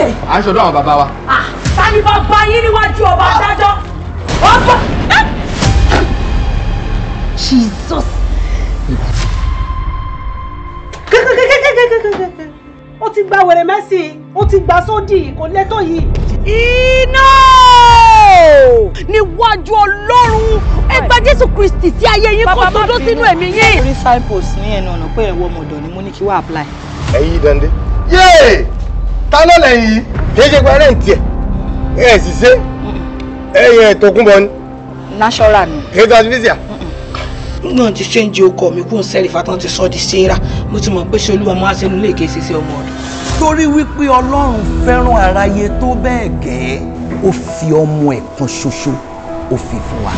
ṣe. à ń ṣọdọ àwọn bàbá wa. ta ni bàbá yín níwájú ọba adájọ́ ọba. Jesus. ó ti gba wèrè mẹ́sì ó ti gba sódì kò lẹ́tọ̀ yìí. iná níwájú ọlọ́run ẹ jésù kristi tí ayé yín kò sódó sínú ẹ̀mí yín. orí signpost ní ẹnu ọ̀nà pé ẹ̀wọ̀ ọmọdọ̀ ni mo ní kí wọ́n apply. ẹ̀yin dande. yéè ta lẹ́yìn yìí kì ṣe pé rẹ́ǹtì ẹ̀ ẹ̀ sì ṣe ẹ̀ tòkunbọ̀ ni. náṣọ́ra ni. kì í ṣe adivisia. náà ti ṣe ń di ọkọ mi kún sẹ́rì fatán ti sọ́ di ṣéra mo ti mọ̀ pé ṣe olúwa máa ṣe nílé ìké ṣiṣẹ́ ọmọ ọ̀dọ̀. torí wípé ọlọ́run fẹ́ràn aráyé tó bẹ́ẹ̀ gẹ́ ó fi ọmọ ẹ̀ kan ṣoṣo ó fi fún wa.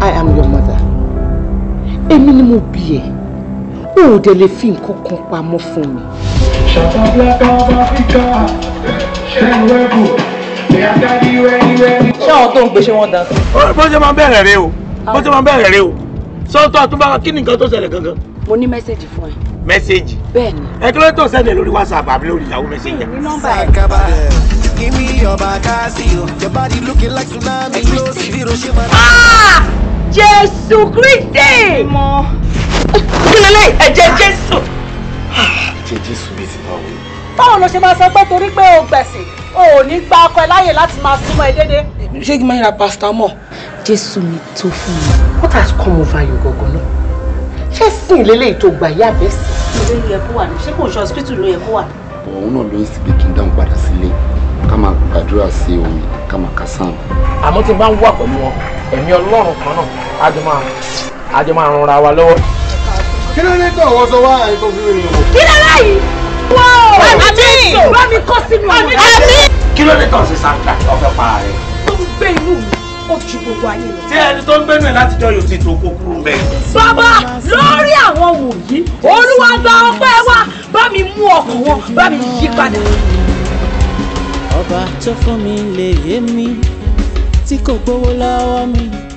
I am your mother èmi ni mo bí ẹ o ò dẹ̀ lè fi nǹkan kan pamọ́ fún mi. Shout out Black of Africa, Shenwebu, they are daddy ready ready. Ṣé àwọn tó ń gbé ṣé wọ́n dá sí? Bó ṣe máa ń bẹ̀rẹ̀ rẹ o, bó ṣe máa ń bẹ̀rẹ̀ rẹ o, sọ́tọ̀ àtúbà kí ni nǹkan tó ṣẹlẹ̀ gangan? Mo ní mẹ́sẹ̀gì fún ẹ. Mẹ́sẹ̀gì? Bẹ́ẹ̀ni. Ẹ kí ló tó sẹ́ndẹ̀ lórí WhatsApp àbí lórí ìyàwó mẹ́sẹ̀gì? Ní nọ́mbà ẹ̀. Give me your Bakasio, your body looking like tsunami, close to Hiroshima. Ah! Jésù Kristi! Mo. Kí lélẹ̀ ẹ̀jẹ̀ Jésù? ẹ̀jẹ̀ jésù bíi ti báwo. báwo ló ṣe máa sọ pé torí pé o gbẹ̀sìn o ò ní gba ọkọ ẹ láàyè láti máa súnmọ́ ẹ déédéé. ṣé kí n máa ra pásítà mọ́. jésù mi tó fún mi. what has come over you gangan náà ṣé sìn lélẹ́yìí tó gbà yá bẹ́ẹ̀ sí. ìlú yẹ kó wà ní ṣé kò ṣe hospital ló yẹ kó wà. òun náà ló ń sì pé kí n dáhùn padà sílé ká máa gbàdúrà sí omi ká máa ká sáà. àmọ́ tí n bá ń wà pẹ̀lú wọn ẹ̀mí ọlọ́run kan náà á wa lọ́wọ́ kí ló dé tó ọwọ́ sọ wá àyè tó fi rìn o. kí ló dé yìí. wo àmì bámi kọ́ sínú àmì. kí ló dé tó ṣe santa ọ̀fẹ́ para rẹ̀. tó ń gbé inú mi ó ju gbogbo ayé lọ. tí ẹni tó ń gbénu ẹ láti jọ yóò ti tó kó kúrò bẹ́ẹ̀. bàbá lórí àwọn wòyí olúwa gba ọpẹ́ wa bá mi mú ọkàn wọn bá mi yí padà. ọba tó fún mi lè yé mi tí kò gbowó lọ́wọ́ mi.